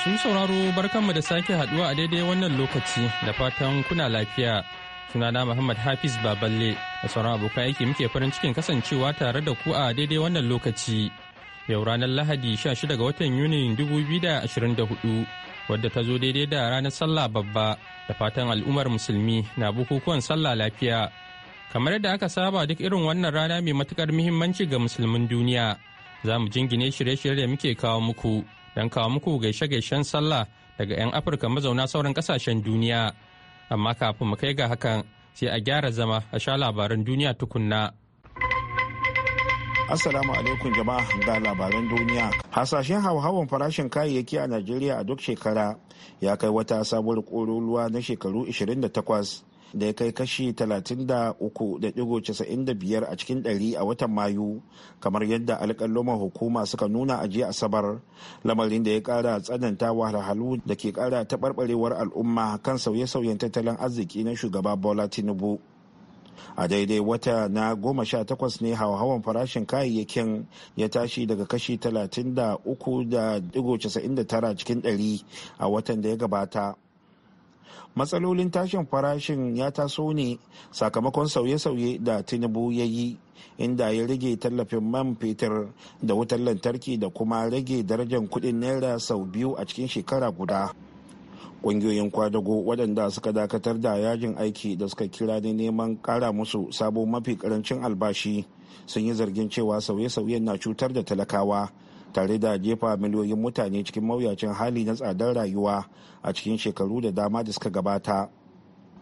Masu sauraro barkanmu da sake haduwa a daidai wannan lokaci da fatan kuna lafiya. Sunana Muhammad Hafiz Baballe da sauran abokan aiki muke farin cikin kasancewa tare da ku a daidai wannan lokaci. Yau ranar Lahadi 16 ga watan Yuni 2024 wadda ta zo daidai da ranar sallah babba da fatan al'ummar musulmi na bukukuwan sallah lafiya. Kamar yadda aka saba duk irin wannan rana mai matukar muhimmanci ga musulmin duniya. Za mu jingine shirye-shirye da muke kawo muku. don kawo muku gaishe-gaishen sallah daga 'yan afirka mazauna sauran kasashen duniya amma kafin mu kai ga hakan sai a gyara zama a sha labaran duniya tukunna assalamu alaikum jama'a ga labaran duniya hasashen hauhawan farashin kayayyaki a najeriya a duk shekara ya kai wata sabuwar ƙoruluwa na shekaru 28 da ya kai kashi 33.95 a cikin ɗari a watan mayu kamar yadda alƙalluman hukuma suka nuna a jiya asabar lamarin da ya ƙara tsananta wahalhalu da ke ƙara taɓarɓarewar al'umma kan sauye-sauyen tattalin arziki na shugaba bola tinubu a daidai wata na goma sha takwas ne hauhawan farashin kayayyakin ya tashi daga kashi 33.99 cikin ɗari a watan da ya gabata matsalolin tashin farashin ya taso ne sakamakon sauye-sauye da tinubu ya yi inda ya rage tallafin man fetur da wutar lantarki da kuma rage darajar kudin naira sau biyu a cikin shekara guda ƙungiyoyin kwadago waɗanda suka dakatar da yajin aiki da suka kira da neman ƙara musu sabo mafi ƙarancin albashi sun yi zargin cewa sauye-sauyen na cutar da talakawa tare da jefa miliyoyin mutane cikin mawuyacin hali na tsadar rayuwa a cikin shekaru da dama da suka gabata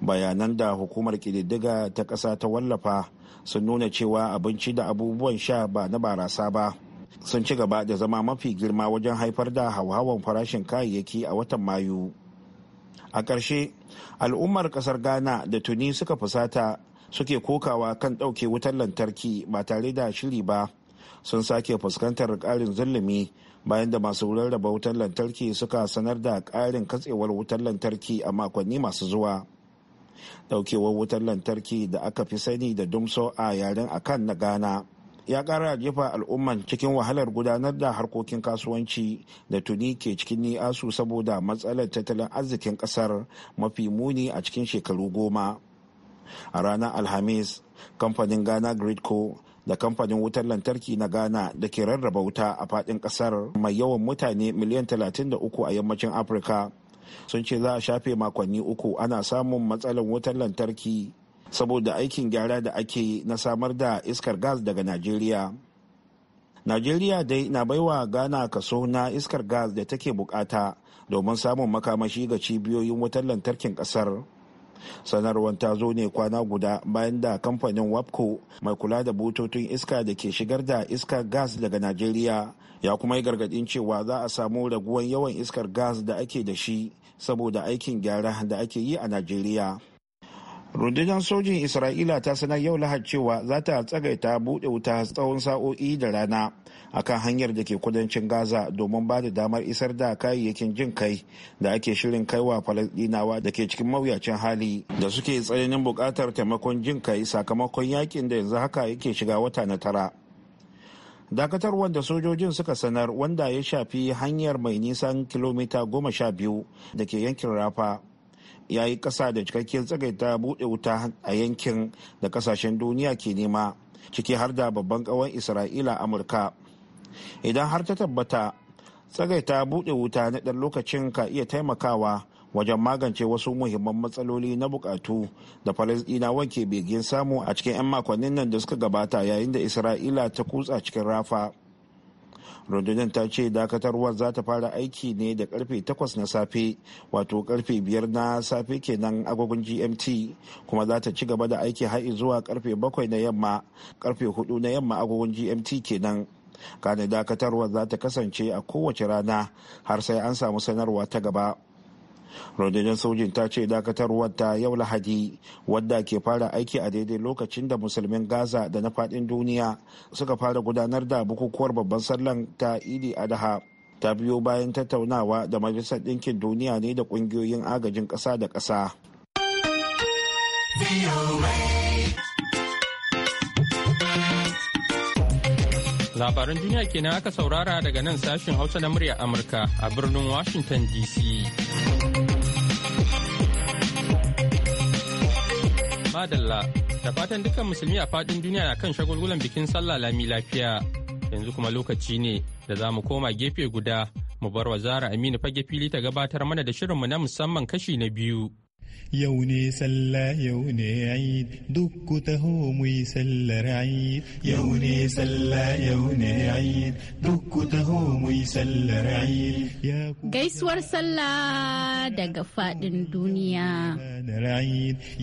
bayanan da hukumar kididdiga ta ƙasa ta wallafa sun nuna cewa abinci da abubuwan sha ba na barasa ba sun ci gaba da zama mafi girma wajen haifar da hauhawan farashin kayayyaki a watan mayu a ƙarshe al'ummar ƙasar ghana da tuni suka fusata suke kokawa kan ɗauke wutar lantarki ba tare da shiri ba sun sake fuskantar karin zulumi bayan da masu rarraba wutar lantarki suka sanar da karin katsewar wutar lantarki a makonni masu zuwa daukewar wutar lantarki da aka fi sani da dumso a yaren akan na ghana ya kara jefa al'umman cikin wahalar gudanar da harkokin kasuwanci da tuni ke cikin ni'asu saboda matsalar tattalin arzikin kasar mafi muni a cikin shekaru goma a ranar alhamis kamfanin ghana gridco da kamfanin wutar lantarki na ghana da ke rarraba wuta a fadin kasar. mai yawan mutane miliyan 33 a yammacin afirka sun ce za a shafe makonni uku ana samun matsalar wutar lantarki saboda aikin gyara da ake na samar da iskar gas daga najeriya najeriya dai na baiwa ghana kaso na iskar gas da take bukata domin samun makamashi ga cibiyoyin wutar lantarkin kasar sanarwar ta zo ne kwana guda bayan da kamfanin wapco mai kula da bututun iska da ke shigar da iskar gas daga najeriya ya kuma yi gargadin cewa za a samu raguwan yawan iskar gas da ake da shi saboda aikin gyara da ake yi a najeriya rundunar sojin isra'ila ta sanar yau lahar cewa za ta tsagaita buɗe wuta tsawon sa'o'i da rana akan hanyar da ke kudancin gaza domin ba da damar isar da kayayyakin jin kai da ake shirin kaiwa falasdinawa da ke cikin mawuyacin hali da suke tsananin buƙatar taimakon jin kai sakamakon yakin da yanzu haka yake shiga wata na tara dakatar wanda sojojin suka sanar wanda ya shafi hanyar mai nisan kilomita goma sha biyu da ke yankin rafa ya yi kasa da cikakkiyar tsagaita buɗe wuta a yankin da kasashen duniya ke nema ciki har da babban ƙawan isra'ila amurka idan har ta tabbata tsagaita buɗe wuta na ɗan lokacin ka iya taimakawa wajen magance wasu muhimman matsaloli na bukatu da falasɗinawa ke begin samu a cikin 'yan makonnin nan da suka gabata yayin da isra'ila ta kutsa cikin rafa rundunar ta ce dakatarwar za ta fara aiki ne da karfe 8 na safe wato karfe 5 na safe kenan agogun gmt kuma za ta ci gaba da aiki har zuwa karfe 7 na yamma karfe 4 na yamma agogon gmt kenan kane dakatarwar za ta kasance a kowace rana har sai an samu sanarwa ta gaba rundunar sojin ta ce dakatarwar ta yau lahadi wadda ke fara aiki a daidai lokacin da musulmin gaza da na fadin duniya suka fara gudanar da bukukuwar babban sallan ta idi adaha ta biyo bayan tattaunawa da majalisar ɗinkin duniya ne da ƙungiyoyin agajin ƙasa da ƙasa labaran duniya kenan aka saurara daga nan sashen hausa na murya amurka a birnin washington dc madalla da fatan dukkan musulmi a fadin duniya na kan shagulgulan bikin sallah lami lafiya yanzu kuma lokaci ne da za mu koma gefe guda mu bar wa zara aminu fage fili ta gabatar mana da shirinmu na musamman kashi na biyu yau ne sallah yau ne eid duk ku taho mu yi sallar eid yau ne sallah yau ne eid duk ku taho mu yi sallar eid gaisuwar sallah daga fadin duniya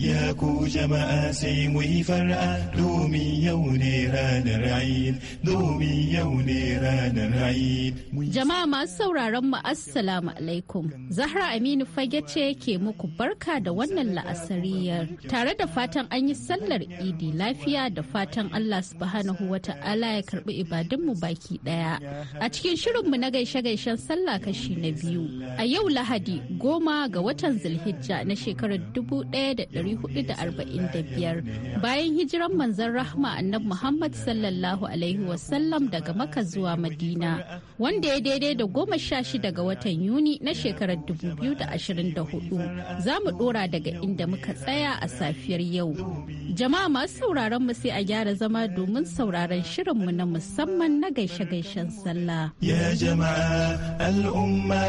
ya ku jama'a sai mu yi far'a domin yau ne ranar eid domin yau ne ranar eid jama'a masu sauraron mu assalamu alaikum zahra aminu fage ce ke muku barka da wannan la'asariyar tare da fatan an yi sallar idi lafiya da fatan Allah subhanahu wa ta'ala ya karbi ibadunmu baki daya. A cikin shirinmu na gaishe-gaishen sallah kashi na biyu. A yau Lahadi goma ga watan Zulhijja na shekarar dubu da da da arba'in biyar bayan hijiran manzon rahma annab Muhammad sallallahu alaihi wasallam daga maka zuwa Madina wanda ya daidai da goma sha shida ga watan Yuni na shekarar da da 2024. Za mu ɗora daga inda muka tsaya a safiyar yau. Jama'a masu sauraron mu sai a gyara zama domin sauraron shirinmu na musamman na gaishe-gaishen sallah. Ya jama'a al'umma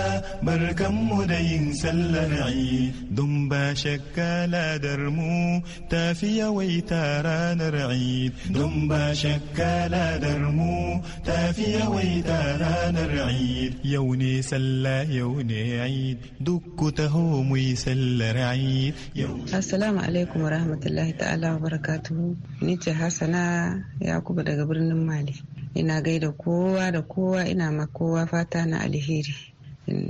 barkanmu da yin sallar yi don ba shakka ladar mu tafi yawaita ranar Eid don ba shakka ladar mu tafi yawaita ranar Eid yau ne sallah yau ne Eid duk ku taho mu yi sallar yau. assalamu alaikum wa rahmatullahi ta'ala wa barakatuhu ni ce Hassana yakubu daga birnin mali ina gaida kowa da kowa ina ma kowa fata na alheri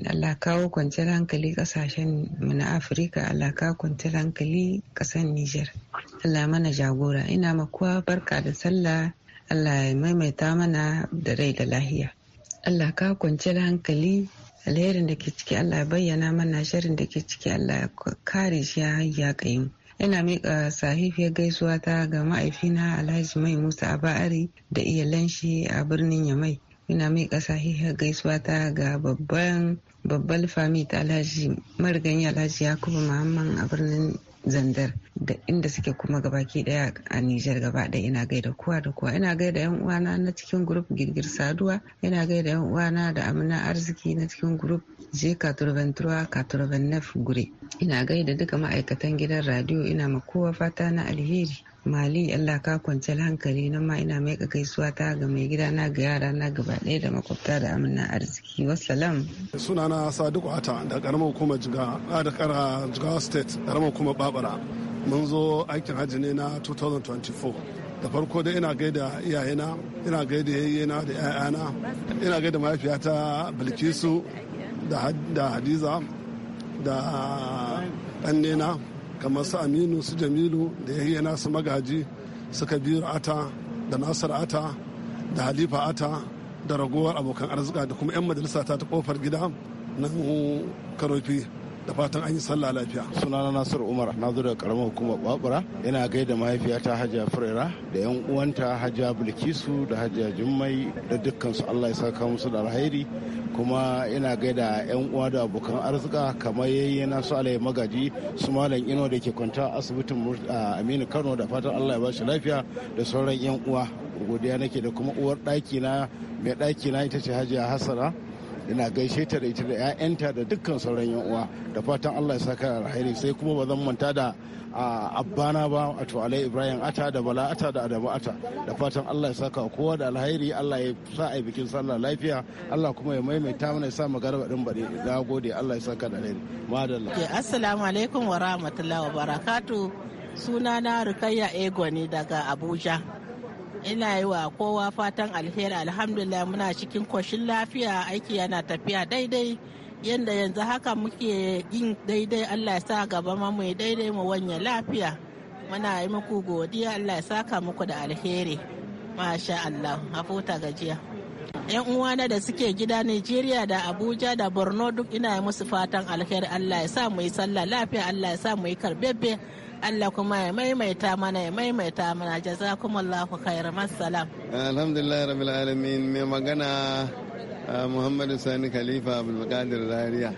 Allah kawo kwanciyar hankali kasashen mu na Afirka Allah kawo kwanciyar hankali kasar Nijar. Allah mana jagora ina ma kowa barka da sallah Allah ya maimaita mana da rai da lahiya. Allah ka kwanciyar hankali alherin da ke ciki Allah ya bayyana mana shirin da ke ciki Allah ya kare shi ya hayya kayin ina miƙa sahifiyar gaisuwa ta ga ma'aifina Alhaji Mai Musa Aba'ari da iyalan shi a birnin Yamai ina miƙa sahifiyar gaisuwa ta ga babban babbal fami ta Alhaji Marganya Alhaji Yakubu Muhammad a birnin Zandar da inda suke kuma gabaki daya a Nijar gaba daya ina gaida kowa da kowa ina gaida yan uwana na cikin grup girgir saduwa ina gaida yan uwana da amina arziki na cikin grup turwa 83 89 gure ina gaida duka ma'aikatan gidan radio ina ma kowa fata na alheri mali allah ka kwanciyar hankali na ma ina mai gaisuwa ta ga mai gida na ga yara na gaba ɗaya da makwabta da amina arziki wasalam sunana sadiku ata da karamar hukumar jiga da kara jigawa state karamar hukumar babara mun zo aikin hajji ne na 2024 da farko dai ina gaida iyayena ina gaida yayyena da 'ya'yana ina gaida mahaifiyata bilkisu da hadiza da ɗannena kamar su aminu su jamilu da yayyena su magaji su kabiru ata da nasar ata da halifa ata da ragowar abokan arzika da kuma 'yan majalisa ta ta kofar gida nan karofi da fatan an yi sallah lafiya sunana nasiru umar na zo daga karamar hukumar babura ina gaida mahaifiyata hajiya furera da yan uwanta hajiya bilkisu da hajiya jummai da dukkan su allah ya saka musu da alheri kuma ina gaida yan uwa da abokan arzika kamar na su alayi magaji su malam ino da ke kwanta asibitin aminu kano da fatan allah ya ba shi lafiya da sauran yan uwa godiya nake da kuma uwar ɗaki na mai ɗaki na ita ce hajiya hassana ina gaishe ta da ita da 'ya'yanta da dukkan sauran yan uwa da fatan Allah ya saka alheri sai kuma ba zan manta da abbana ba a alai ibrahim ata da bala ata da adamu ata da fatan Allah ya saka kowa da alheri Allah ya sa a bikin sallah lafiya Allah kuma ya maimaita mana ya sa mu garba din bare da gode Allah ya saka da alheri madalla assalamu alaikum wa rahmatullahi wa barakatuh sunana rukayya egoni daga abuja ina yi wa kowa fatan alheri alhamdulillah muna cikin koshin lafiya aiki yana tafiya daidai yadda yanzu haka muke yin daidai allah ya sa gaba ma mu daidai mu wanya lafiya muna yi muku godiya allah ya saka muku da alheri masha allah a ta gajiya yan uwana da suke gida nigeria da abuja da borno duk ina yi musu fatan alheri allah ya sa mu yi sallah lafiya allah ya sa mu yi karbebe Allah kuma ya maimaita mana ya maimaita mana jazakumullahu khairan massalam alhamdulillah rabbil alamin mai magana muhammadu sani khalifa abdulkadir zaria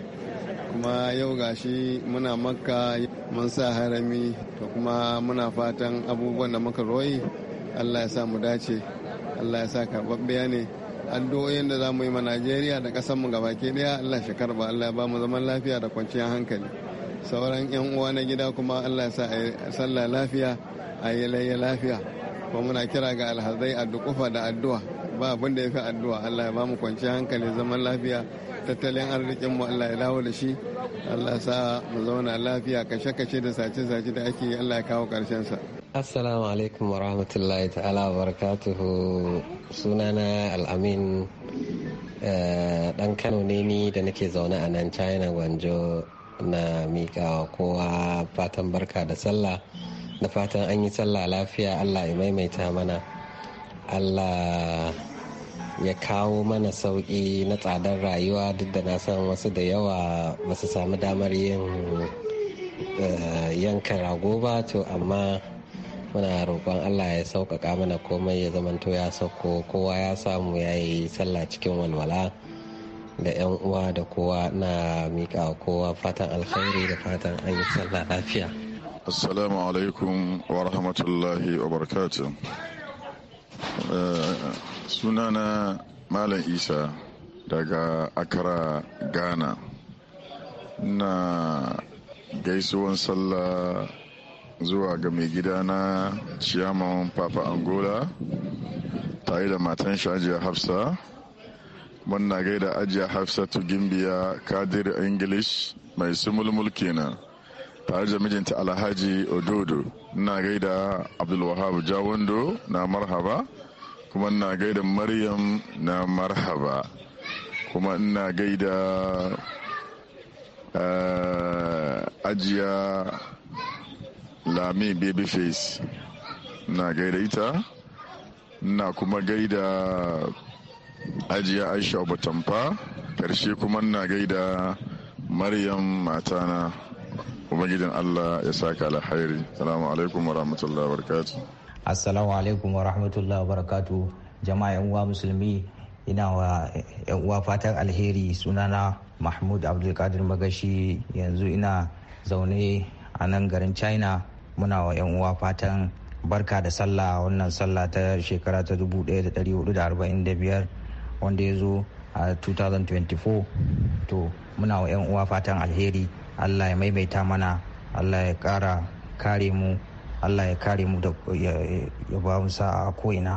kuma yau gashi muna makka mun sa harami to kuma muna fatan abubuwan da muka roye allah ya sa mu dace allah ya sa karɓaɓɓiya ne addu'o'in da za mu yi ma najeriya da gaba gabaki daya. allah shi karba allah ya ba mu zaman lafiya da kwanciyar hankali sauran yan uwa na gida kuma allah ya sa a yi sallah lafiya a yi layya lafiya kuma muna kira ga alhazai a dukufa da addu'a ba abin da ya fi addu'a allah ya ba mu kwanciyar hankali zaman lafiya tattalin arzikin mu allah ya dawo da shi allah sa mu zauna lafiya kashe-kashe da sace-sace da ake allah ya kawo karshen sa Assalamu alaikum wa rahmatullahi ta'ala wa barakatuhu sunana al'amin dan eh, Kano ne ni da nake zaune a nan China Gwanjo na mika kowa fatan barka da sallah da fatan an yi sallah lafiya allah ya maimaita mana allah ya kawo mana sauƙi na tsadar rayuwa duk da na san wasu da yawa ba su samu damar yin eh, yanka rago ba to amma muna roƙon allah ya sauƙaƙa mana komai ya zamanto ya sauko kowa ya samu ya yi sallah cikin walwala. da 'yan uwa da kowa na mika kowa fatan alkhairi da fatan an yi sallah lafiya assalamu alaikum wa rahmatullahi wa eh, sunana malam isa daga akara ghana na gaisuwan sallah zuwa ga mai na ciyaman papa angola tare da matan shajiya hafsa muna gaida ajiya hafsatu gimbiya kadir english mai sumulmul kenan tare da mijinta alhaji ododo na gaida abdulwahab jawando na marhaba kuma na gaida maryam na marhaba kuma ina gaida eh, ajiya lami face na gaida ita na kuma gaida ajiya aisha batamfa karshe kuma na gaida maryam matana ubangijin allah ya saka alhairi salamu alaikum wa rahmatullahi wa barakatu assalamu alaikum wa rahmatullahi wa barakatu jama'a yan uwa musulmi ina wa yan uwa fatan alheri sunana mahmud abdulkadir magashi yanzu ina zaune a nan garin china muna wa yan uwa fatan barka da sallah wannan sallah ta shekara ta 1445 wanda ya zo a 2024 to muna wa 'yan uwa fatan alheri allah ya maimaita mana allah ya kara kare mu allah ya kare mu da ya ba mu sa'a ko'ina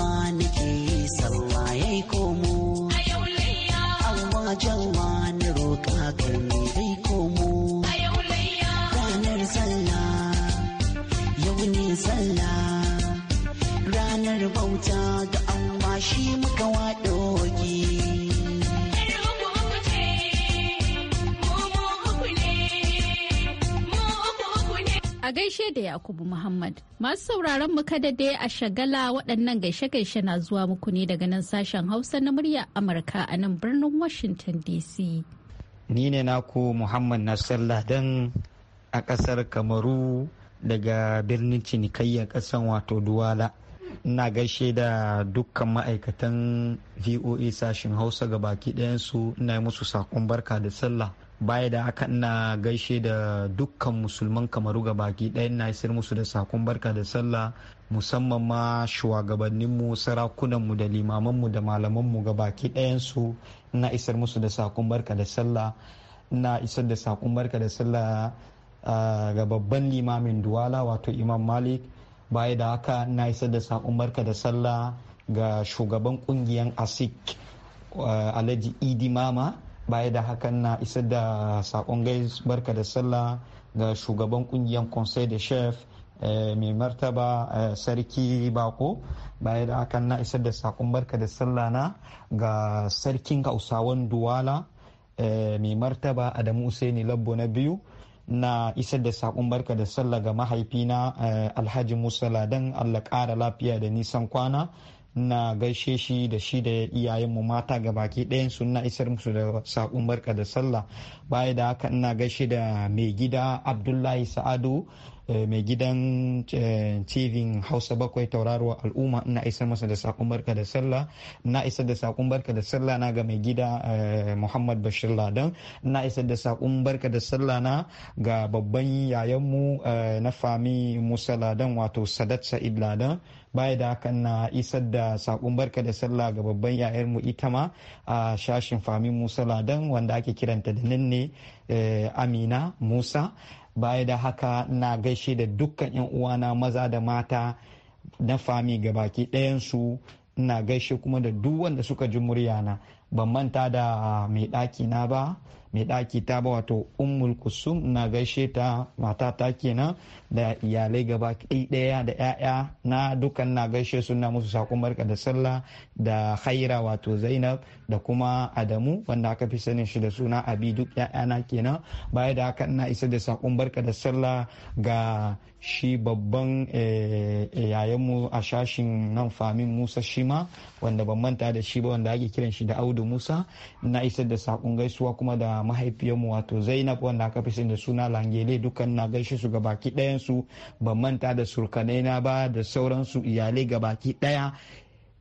gaishe da Yakubu Muhammad. Masu sauraron mu kada dai a shagala waɗannan gaishe-gaishe na zuwa muku ne daga nan sashen Hausa na murya Amurka a nan birnin Washington DC. Ni ne naku Muhammad Nasir Ladan a ƙasar Kamaru daga birnin cinikayyar ƙasar wato Duwala. Ina gaishe da dukkan ma'aikatan VOA sashen Hausa ga baki su ina yi musu saƙon barka da sallah. baya da aka ina gaishe da dukkan musulman kamaru ga baki ɗaya na isar musu da sakon barka da sallah musamman ma shugabanninmu sarakunanmu da limamanmu da malamanmu ga baki ɗayansu na isar musu da sakon barka da sallah na isar da sakon barka da sallah ga babban limamin duwala wato imam malik baya da haka na isar da sakon barka da sallah ga shugaban kungiyan asik alhaji idi mama baya da hakan na isa da sakon gais barka da sallah ga shugaban kungiyar conseil de chef eh, mai martaba eh, sarki bako baya da hakan na isa da sakon barka da sallah na ga sarkin hausawan duwala eh, mai martaba adamu usaini labbo na biyu na isa da sakon barka da sallah ga mahaifina alhaji musa ladan allah kara lafiya da nisan kwana na gaishe shi da shi da iyayenmu mata ga baki ɗayan suna isar musu da saƙon barka da sallah baya da haka ina gaishe da mai gida abdullahi sa'adu eh, mai gidan eh, tv hausa bakwai tauraruwa al'umma ina isar masa da sakon barka da sallah na isar da sakon barka da sallah na ga mai gida eh, muhammad bashir ladan ina isar da sakon barka da sallah na ga babban yayanmu na fami musa ladan wato sadat sa'id ladan baya da hakan na isar da sakon barka da sallah ga babban yayarmu ita ma a shashin fami musa ladan wanda ake kiranta da nan ne eh, amina musa baya da haka na gaishe da dukkan yan uwana maza da mata na fami ga gabaki ɗayansu na gaishe kuma da duk wanda suka ji murya na ban manta da mai ɗaki na ba mai ɗaki ta ba wato ummul kusum na gaishe ta mata ta kenan da iyalai gaba ɗaya da 'ya'ya na dukan na gaishe suna musu sakon barka da sallah da haira wato zainab da kuma adamu wanda aka fi sanin shi da suna abi duk na kenan baya da haka ina isa da sakon barka da sallah ga shi babban eh, yayanmu a shashin nan famin musa shima wanda ban manta da shi ba wanda ake kiran shi da audu musa na isa da sakon gaisuwa kuma da da mahaifiyarmu wato zainab wanda aka fi da suna langele dukkan na gaishe su ga gabaki ɗayansu ban manta da surkanai na ba da sauransu iyalai ga baki ɗaya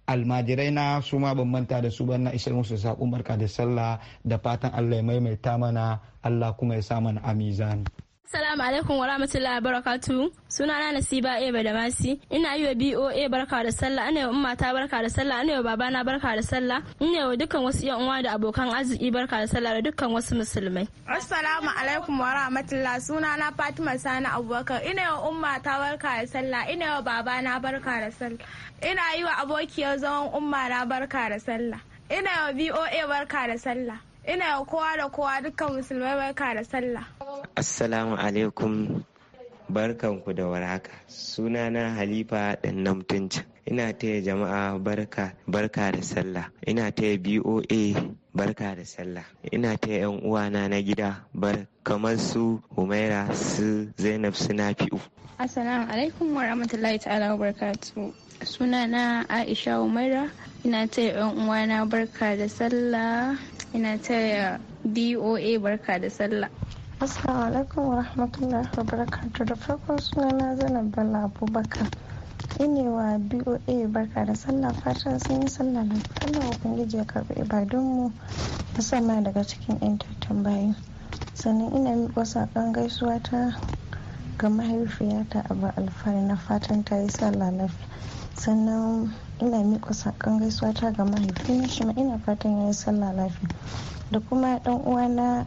almajirai na su ma ban manta da su ban na isar musu saƙon barka da sallah da fatan allah ya maimaita mana allah kuma ya sa mana amizan. Assalamu alaikum wa rahmatullahi wa barakatu. na Nasiba Eba da Masi. Ina yi wa BOA barka da sallah, ana wa ummata barka da sallah, ana wa babana barka da sallah, ina yi wa dukkan wasu yan uwa da abokan arziki barka da sallah da dukkan wasu musulmai. Assalamu alaikum wa rahmatullah. na Fatima Sani Abubakar. Ina yi wa ummata barka da sallah, ina yi wa babana barka da sallah. Ina yi wa abokiyar zaman umma na barka da sallah. Ina yi wa BOA barka da sallah. ina wa kowa da kowa dukkan musulmai barka da sallah assalamu alaikum barkanku da waraka, sunana halifa dan namtunci ina taya jama'a barka barka da sallah ina taya boa barka da sallah ina taya yan uwana na gida bar kamar su humaira su zainab su nafi'u assalamu alaikum wa rahmatullahi ta'ala wa Suna sunana aisha humaira ina taya yan uwana barka da sallah ina taya BOA barka da sallah. Assalamu alaikum wa rahmatullahi wa barakatu da farkon na zanen bala Abubakar. ne wa BOA barka da sallah fatan sun yi sallah da Allah Ubangiji ya karbi karɓi ibadunmu musamman daga cikin 'yan tambayi. Sannan ina kwasa kan gaisuwa ta ga mahaifiyata a Alfari na fatan ta yi sallah lafiya. Sannan ina miƙa saƙon gaisuwa ta ga mahaifina shi ma ina fatan yayi sallah lafiya da kuma ɗan uwana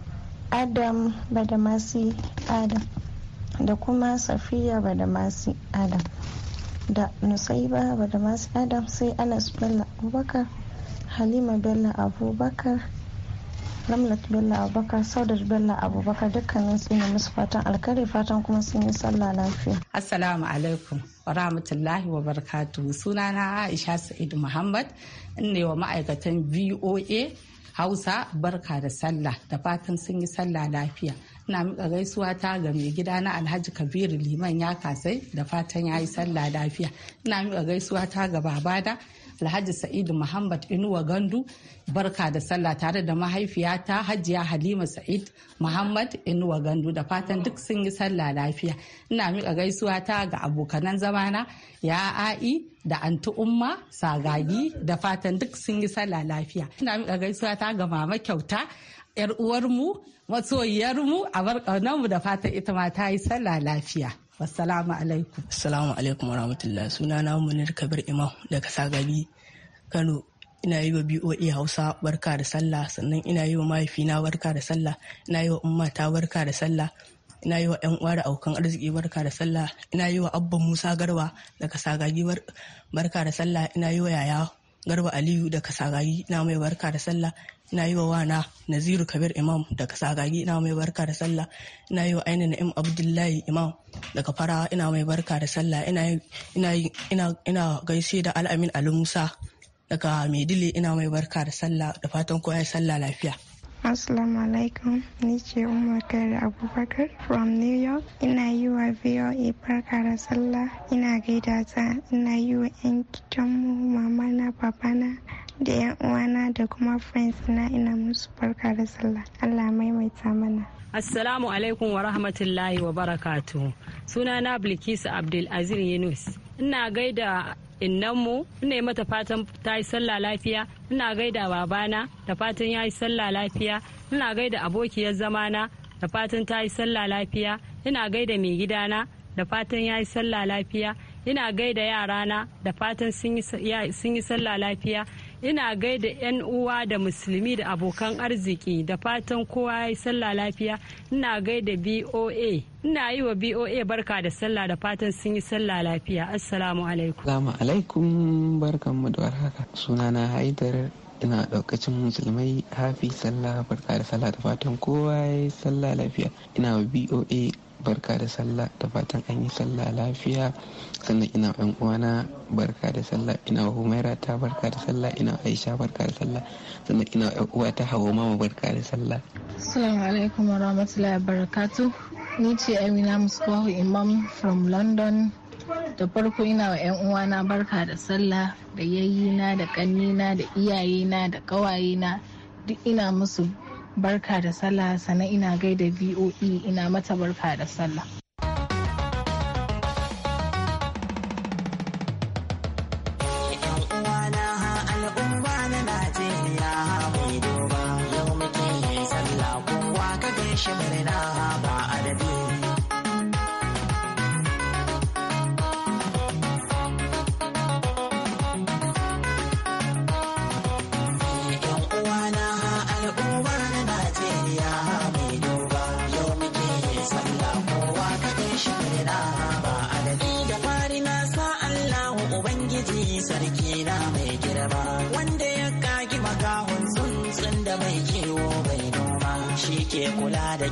adam badamasi adam da kuma safiya badamasi adam da nusaiba badamasi adam sai anas bello abubakar halima bello abubakar ramlat bello abubakar saudar bello abubakar dukkanin su ne musu fatan alkhairi fatan kuma sun yi sallah lafiya assalamu alaikum wa rahmatullahi wa suna na aisha sa'id muhammad ne wa ma'aikatan voa hausa barka da sallah da fatan sun yi sallah lafiya ina muka gaisuwa ta ga mai gida na alhaji kabiru liman ya kasai da fatan ya yi sallah lafiya ina muka gaisuwa ta ga babada Alhaji Sa'idu Muhammad Inuwa Gandu barka da sallah tare da mahaifiyata Hajiya Halima Sa'id Muhammad Inuwa Gandu da fatan duk sun yi sallah lafiya. Ina miƙa gaisuwa ta ga abokanan zamana ya a'i da anti umma sagagi da fatan duk sun yi sallah lafiya. Ina miƙa gaisuwa ta ga mama kyauta yar uwarmu masoyiyarmu a barkaunanmu da fatan ita ma ta yi sallah lafiya. Assalamu alaikum. Assalamu alaikum wa rahmatullah. Suna na Munir Kabir Imam daga Sagabi, Kano. Ina yi wa BOA Hausa barka da sallah, sannan ina yi wa mahaifina barka da sallah, ina yi wa ummata barka da sallah, ina yi wa ‘yan uwa da aukan arziki barka da sallah, ina yi wa Abba Musa Garba daga Sagagi barka da sallah, ina yi wa yaya garba aliyu da kasagagi na mai barka da sallah na yi wa wana naziru kabir imam da kasagagi na mai barka da sallah na yi wa aini na'im abdullahi imam daga fara ina mai barka da sallah ina gaishe da al'amin ali musa daga maidile ina mai barka da sallah da fatan kowa ya sallah lafiya Assalamu alaikum, ni ce Umar Kari Abubakar from New York. Ina yi wa VOA barka da sallah, ina gaida ta, ina yi wa 'yan gidanmu, mamana, babana, da 'yan uwana da kuma friends na ina musu barka da sallah. Allah maimaita mana. Assalamu alaikum wa rahmatullahi wa barakatu. na Bilkisu abdul azir Yunus. Ina gaida mu ina mata fatan ta yi sallah lafiya ina gaida babana da fatan ya yi sallah lafiya ina gaida abokiyar zamana da fatan ta yi sallah lafiya ina gaida mai gidana da fatan ya yi sallah lafiya ina gaida yarana da fatan sun yi sallah lafiya ina gaida 'yan uwa da musulmi da abokan arziki da fatan kowa ya yi sallah lafiya ina gaida boa ina yi wa boa barka da sallah da fatan sun yi sallah lafiya assalamu alaikum assalamu alaikum mu da warhaka na haidar ina daukacin musulmai hafi sallah barka da sallah da fatan kowa ya yi sallah lafiya ina wa boa barka da sallah da fatan an yi sallah lafiya sannan ina yan uwana barka da sallah ina humaira ta barka da sallah ina aisha barka da sallah sannan ina yan uwa ta hawa mama barka da sallah assalamu alaikum wa rahmatullahi barakatu ni ce amina musbahu imam from london da farko ina wa 'yan uwana barka da sallah da yayyina da kannina da iyayena da ƙawayena duk ina musu barka da sallah sannan ina gaida voe ina mata barka da sallah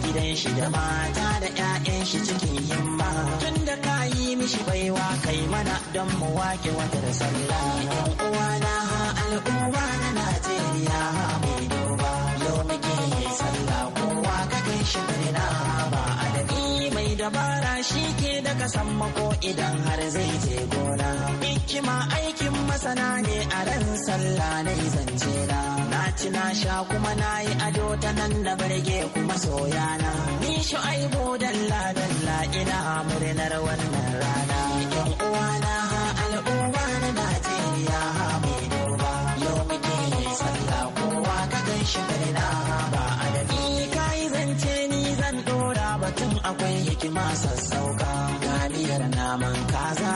gidan shi da mata da 'ya'yan shi cikin himma tun da ka yi mishi baiwa kai mana don mu wake wata da sallah yan na al'umma daga kasan ko idan har zai je gona hikima aikin masana ne a ran sallah na zance na na ci na sha kuma na yi ado ta nan da barge kuma soyana ni bo dalla dalla ina murnar wannan rana yan uwana al'umma na Najeriya mai duba yau muke yi sallah kowa ka gan shi ba Ni kai zance ni zan dora batun akwai hikima sassauka yar naman kaza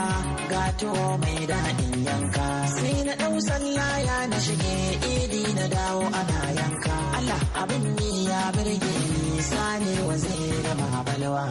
gato mai daɗin yanka sai na ɗau sallaya na shige idi na dawo ana yanka Allah abin ni ya birge ni sani zai da mabalwa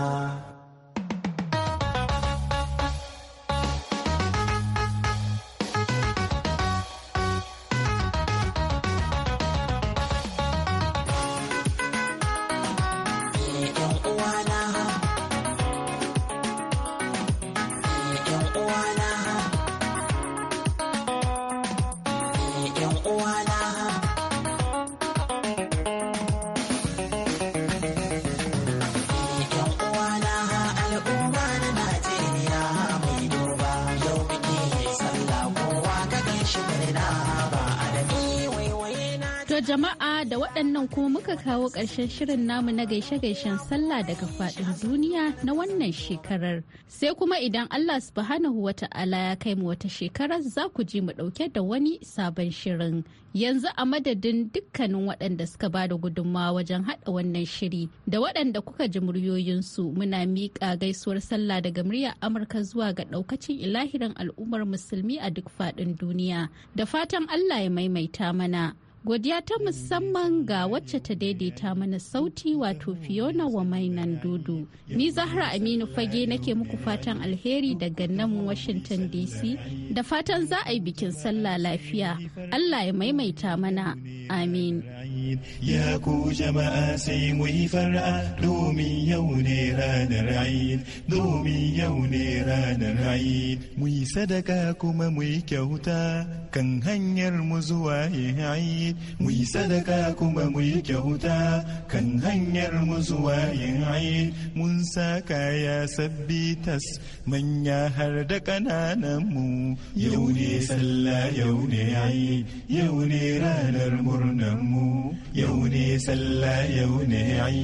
da waɗannan kuma muka kawo ƙarshen shirin namu na gaishe-gaishen sallah daga faɗin duniya na wannan shekarar. Sai kuma idan Allah subhanahu wa ta'ala ya kai mu wata shekarar za ku ji mu ɗauke da wani sabon shirin. Yanzu a madadin dukkanin waɗanda suka ba da gudunmawa wajen haɗa wannan shiri da waɗanda kuka ji muryoyinsu muna miƙa gaisuwar sallah daga muryar Amurka zuwa ga ɗaukacin ilahirin al'ummar musulmi a duk faɗin duniya. Da fatan Allah ya maimaita mana. Godiya ta musamman ga wacce ta daidaita mana sauti wato Fiona wa mainan dudu. Ni Zahra Aminu fage nake muku fatan alheri daga nan Washington DC da fatan za a yi bikin sallah lafiya. Allah ya maimaita mana. Amin. Ya ku jama'a sai mu yi fara domin yau ne ranar Eid, domin yau ne ranar Eid. Mu yi sadaka kuma mu yi kyauta kan hanyar mu zuwa Eid. mu yi sadaka kuma mu yi kyauta kan hanyar mu zuwa yin ai mun sa kaya sabbi tas manya har da ƙananan mu yau ne sallah yau ne ai yau ne ranar murnan mu yau ne sallah yau ne ai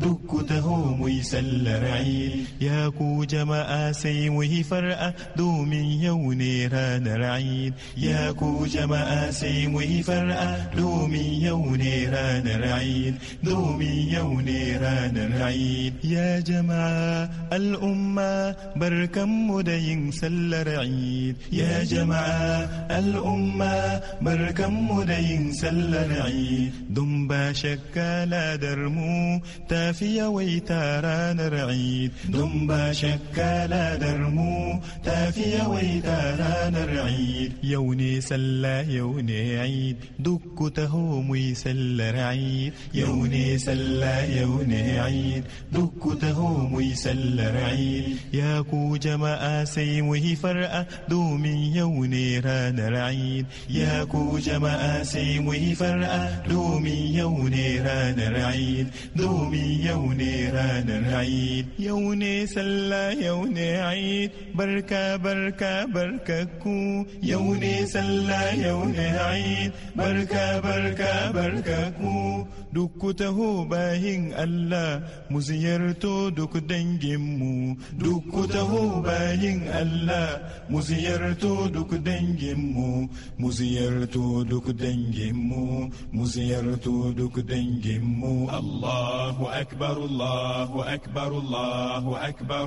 duk taho mu yi sallar ai ya ku jama'a sai mu yi far'a domin yau ne ranar ai ya ku jama'a sai mu yi far'a دومي يا ونيران العيد دومي يا ونيران العيد يا جماعة الأمة بركم مدين سل عيد يا جماعة الأمة بركم مدين سل عيد دم باشك لا درمو تافيا ويتاران العيد دم باشك لا درمو تافيا ويتاران العيد يوني سلا يوني عيد دك دكته ميسل رعيد يوني سلا يوني عيد دكته ميسل رعيد يا كو جما سي وهي فرقة دومي يوني ران رعيد يا كو جما سي وهي فرقة دومي يوني ران رعيد دومي يوني ران رعيد يوني سلا يوني عيد بركة بركة بركة كو يوني سلا يوني عيد بركة barka barka ku duk ku taho bayin Allah mu ziyarto duk danginmu duk ku taho bayin Allah mu ziyarto duk danginmu mu ziyarto duk danginmu mu ziyarto duk danginmu Allahu akbar Allahu akbar Allahu akbar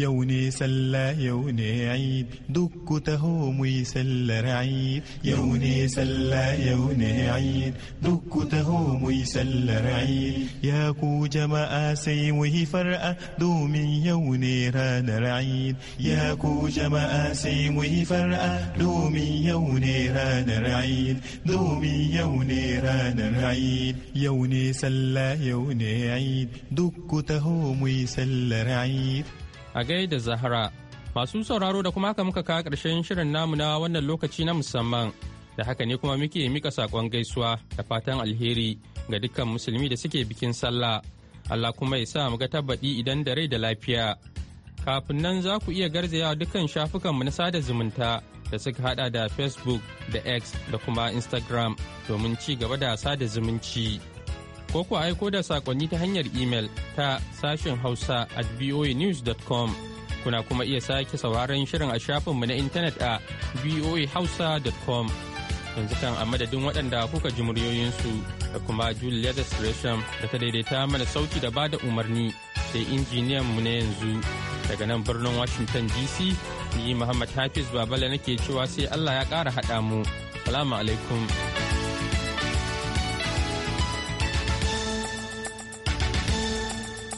يوني سلا يوني عيب دك تهوم يسل رعيب يوني سلا يوني عيد دك تهوم يسل رعيد يا كو جما وهي فرقة دومي يوني ران رعيد يا كو جما وهي فرقة دومي يوني ران رعيد دومي يوني ران رعيد يوني سلا يوني عيد دك تهوم يسل رعيد a gaida Zahra. Masu sauraro da kuma haka muka kawo ƙarshen shirin namu na wannan lokaci na musamman. Da haka ne kuma muke mika saƙon gaisuwa da fatan alheri ga dukkan musulmi da suke bikin sallah. Allah kuma ya sa mu ga tabbaɗi idan da rai da lafiya. Kafin nan za ku iya garzaya dukkan shafukanmu na sada zumunta da suka hada da Facebook da X da kuma Instagram domin ci gaba da sada zumunci. ko ku aiko da sakonni ta hanyar imel ta sashen hausa at voanews.com kuna kuma iya sake sauraron shirin a shafinmu na intanet a voahausa.com yanzu kan a madadin waɗanda kuka ji muryoyinsu da kuma da gresham da ta daidaita mana sauki da bada umarni sai injiniyan mu na yanzu daga nan birnin washington dc ni muhammad hafiz babala nake cewa sai allah ya ƙara haɗa mu salamu alaikum